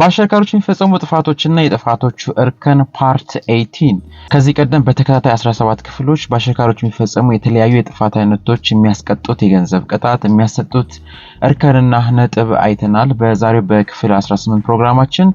በአሽከርካሪዎች የሚፈጸሙ ጥፋቶችና የጥፋቶቹ እርከን ፓርት 18 ከዚህ ቀደም በተከታታይ 17 ክፍሎች በአሽከርካሪዎች የሚፈጸሙ የተለያዩ የጥፋት አይነቶች፣ የሚያስቀጡት የገንዘብ ቅጣት፣ የሚያሰጡት እርከንና ነጥብ አይተናል። በዛሬው በክፍል 18 ፕሮግራማችን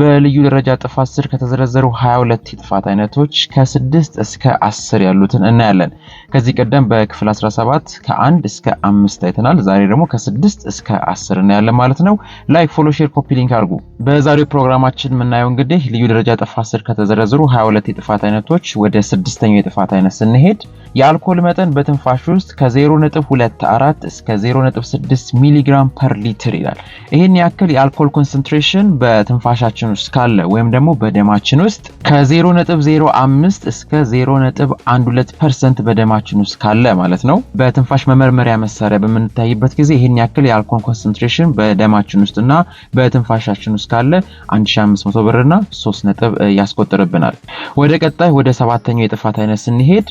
በልዩ ደረጃ ጥፋት ስር ከተዘረዘሩ 22 የጥፋት አይነቶች ከ6 እስከ 10 ያሉትን እናያለን። ከዚህ ቀደም በክፍል 17 ከ1 እስከ 5 አይተናል። ዛሬ ደግሞ ከ6 እስከ 10 እናያለን ማለት ነው። ላይክ፣ ፎሎ፣ ሼር፣ ኮፒ ሊንክ አድርጉ። በዛሬው ፕሮግራማችን የምናየው እንግዲህ ልዩ ደረጃ ጥፋት ስር ከተዘረዘሩ 22 የጥፋት አይነቶች ወደ ስድስተኛው የጥፋት አይነት ስንሄድ የአልኮል መጠን በትንፋሽ ውስጥ ከ0.24 እስከ 0.6 ሚሊግራም ፐር ሊትር ይላል። ይህን ያክል የአልኮል ኮንሰንትሬሽን በትንፋሻችን ውስጥ ካለ ወይም ደግሞ በደማችን ውስጥ ከ0.05 እስከ 0.12 ፐርሰንት በደማችን ውስጥ ካለ ማለት ነው። በትንፋሽ መመርመሪያ መሳሪያ በምንታይበት ጊዜ ይህን ያክል የአልኮል ኮንሰንትሬሽን በደማችን ውስጥ እና በትንፋሻችን ውስጥ ካለ 1500 ብርና 3 ነጥብ ያስቆጥርብናል። ወደ ቀጣይ ወደ ሰባተኛው የጥፋት አይነት ስንሄድ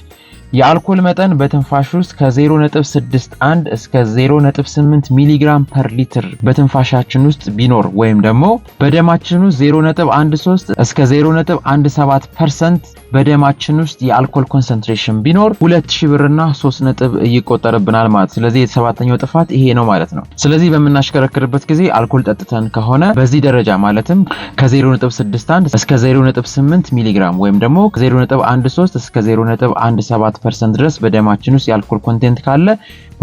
የአልኮል መጠን በትንፋሽ ውስጥ ከ0.61 እስከ 0.8 ሚሊግራም ፐር ሊትር በትንፋሻችን ውስጥ ቢኖር ወይም ደግሞ በደማችን ውስጥ 0.13 እስከ 0.17 ፐርሰንት በደማችን ውስጥ የአልኮል ኮንሰንትሬሽን ቢኖር 2000 ብርና 3 ነጥብ ይቆጠርብናል ማለት። ስለዚህ የሰባተኛው ጥፋት ይሄ ነው ማለት ነው። ስለዚህ በምናሽከረክርበት ጊዜ አልኮል ጠጥተን ከሆነ በዚህ ደረጃ ማለትም ከ0.61 እስከ 0.8 ሚሊግራም ወይም ደግሞ 0.13 እስከ 0.17 ፐርሰንት ድረስ በደማችን ውስጥ የአልኮል ኮንቴንት ካለ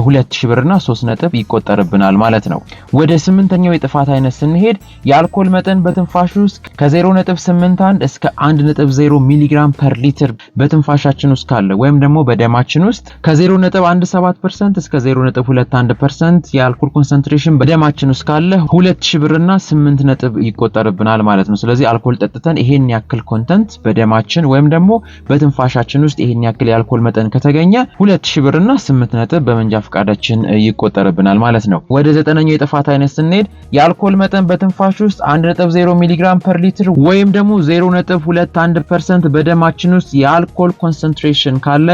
ሁለት ሺህ ብርና 3 ነጥብ ይቆጠርብናል ማለት ነው። ወደ ስምንተኛው የጥፋት አይነት ስንሄድ የአልኮል መጠን በትንፋሽ ውስጥ ከ0.81 እስከ 1.0 ሚሊግራም ፐር ሊትር በትንፋሻችን ውስጥ ካለ ወይም ደግሞ በደማችን ውስጥ ከ0.17% እስከ 0.21% የአልኮል ኮንሰንትሬሽን በደማችን ውስጥ ካለ 2000 ብርና 8 ነጥብ ይቆጠርብናል ማለት ነው። ስለዚህ አልኮል ጠጥተን ይሄን ያክል ኮንተንት በደማችን ወይም ደግሞ በትንፋሻችን ውስጥ ይሄን ያክል የአልኮል መጠን ከተገኘ 2000 ብርና 8 ነጥብ በመንጃ ፈቃዳችን ይቆጠርብናል ማለት ነው። ወደ ዘጠነኛው የጥፋት አይነት ስንሄድ የአልኮል መጠን በትንፋሽ ውስጥ 1.0 ሚሊግራም ፐር ሊትር ወይም ደግሞ 0.21 ፐርሰንት በደማችን ውስጥ የአልኮል ኮንሰንትሬሽን ካለ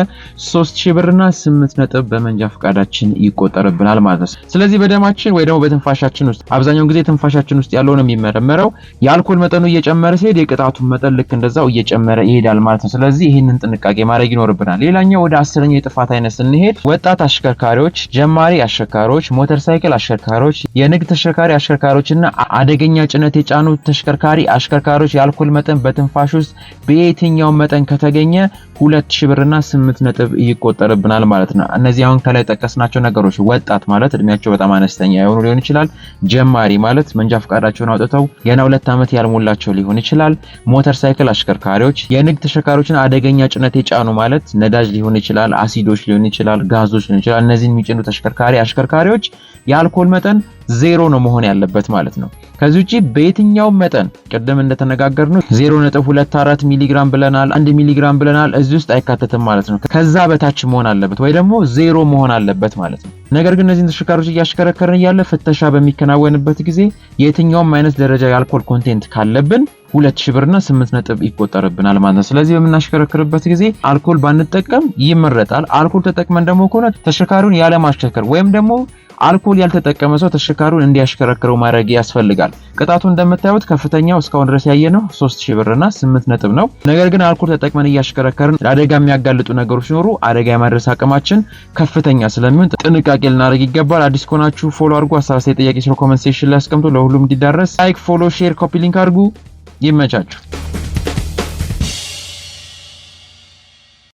3000 ብርና 8 ነጥብ በመንጃ ፈቃዳችን ይቆጠርብናል ማለት ነው። ስለዚህ በደማችን ወይ ደግሞ በትንፋሻችን ውስጥ አብዛኛውን ጊዜ ትንፋሻችን ውስጥ ያለው ነው የሚመረመረው። የአልኮል መጠኑ እየጨመረ ሲሄድ የቅጣቱን መጠን ልክ እንደዛው እየጨመረ ይሄዳል ማለት ነው። ስለዚህ ይህንን ጥንቃቄ ማድረግ ይኖርብናል። ሌላኛው ወደ አስረኛው የጥፋት አይነት ስንሄድ ወጣት አሽከርካሪዎች አሽከርካሪዎች፣ ጀማሪ አሽከርካሪዎች፣ ሞተር ሳይክል አሽከርካሪዎች፣ የንግድ ተሽከርካሪ አሽከርካሪዎችና አደገኛ ጭነት የጫኑ ተሽከርካሪ አሽከርካሪዎች የአልኮል መጠን በትንፋሽ ውስጥ በየትኛው መጠን ከተገኘ ሁለት ሺህ ብርና ስምንት ነጥብ ይቆጠርብናል ማለት ነው። እነዚህ አሁን ከላይ ጠቀስናቸው ነገሮች ወጣት ማለት እድሜያቸው በጣም አነስተኛ የሆኑ ሊሆን ይችላል። ጀማሪ ማለት መንጃ ፈቃዳቸውን አውጥተው ገና ሁለት ዓመት ያልሞላቸው ሊሆን ይችላል። ሞተር ሳይክል አሽከርካሪዎች፣ የንግድ ተሽከርካሪዎችን አደገኛ ጭነት የጫኑ ማለት ነዳጅ ሊሆን ይችላል፣ አሲዶች ሊሆን ይችላል፣ ጋዞች ሊሆን ይችላል። እነዚህን የሚጭኑ ተሽከርካሪ አሽከርካሪዎች የአልኮል መጠን ዜሮ ነው መሆን ያለበት ማለት ነው። ከዚህ ውጪ በየትኛው መጠን ቅድም እንደተነጋገርነው ነው 0.24 ሚሊግራም ብለናል፣ 1 ሚሊግራም ብለናል፣ እዚህ ውስጥ አይካተትም ማለት ነው። ከዛ በታች መሆን አለበት ወይ ደግሞ ዜሮ መሆን አለበት ማለት ነው። ነገር ግን እነዚህን ተሽከርካሪዎች እያሽከረከርን እያለ ፍተሻ በሚከናወንበት ጊዜ የትኛውም አይነት ደረጃ የአልኮል ኮንቴንት ካለብን ሁለት ብርና 8 ነጥብ ይቆጠርብናል ማለት ነው። ስለዚህ በምናሽከረክርበት ጊዜ አልኮል ባንጠቀም ይመረጣል። አልኮል ተጠቅመን ደግሞ ከሆነ ተሽከርካሪውን ያለማሽከርከር ወይም ደግሞ አልኮል ያልተጠቀመ ሰው ተሽከርካሪውን እንዲያሽከረክረው ማድረግ ያስፈልጋል። ቅጣቱ እንደምታዩት ከፍተኛው እስካሁን ድረስ ያየነው 3000 ብርና 8 ነጥብ ነው። ነገር ግን አልኮል ተጠቅመን እያሽከረከርን ለአደጋ የሚያጋልጡ ነገሮች ሲኖሩ አደጋ የማድረስ አቅማችን ከፍተኛ ስለሚሆን ጥንቃቄ ልናደርግ ይገባል። አዲስ ከሆናችሁ ፎሎ አድርጉ። 17 ጥያቄ ሲሮ ኮመንት ሴክሽን ላይ አስቀምጡ። ለሁሉም እንዲዳረስ ላይክ፣ ፎሎ፣ ሼር፣ ኮፒ ሊንክ አድርጉ። ይመቻችሁ።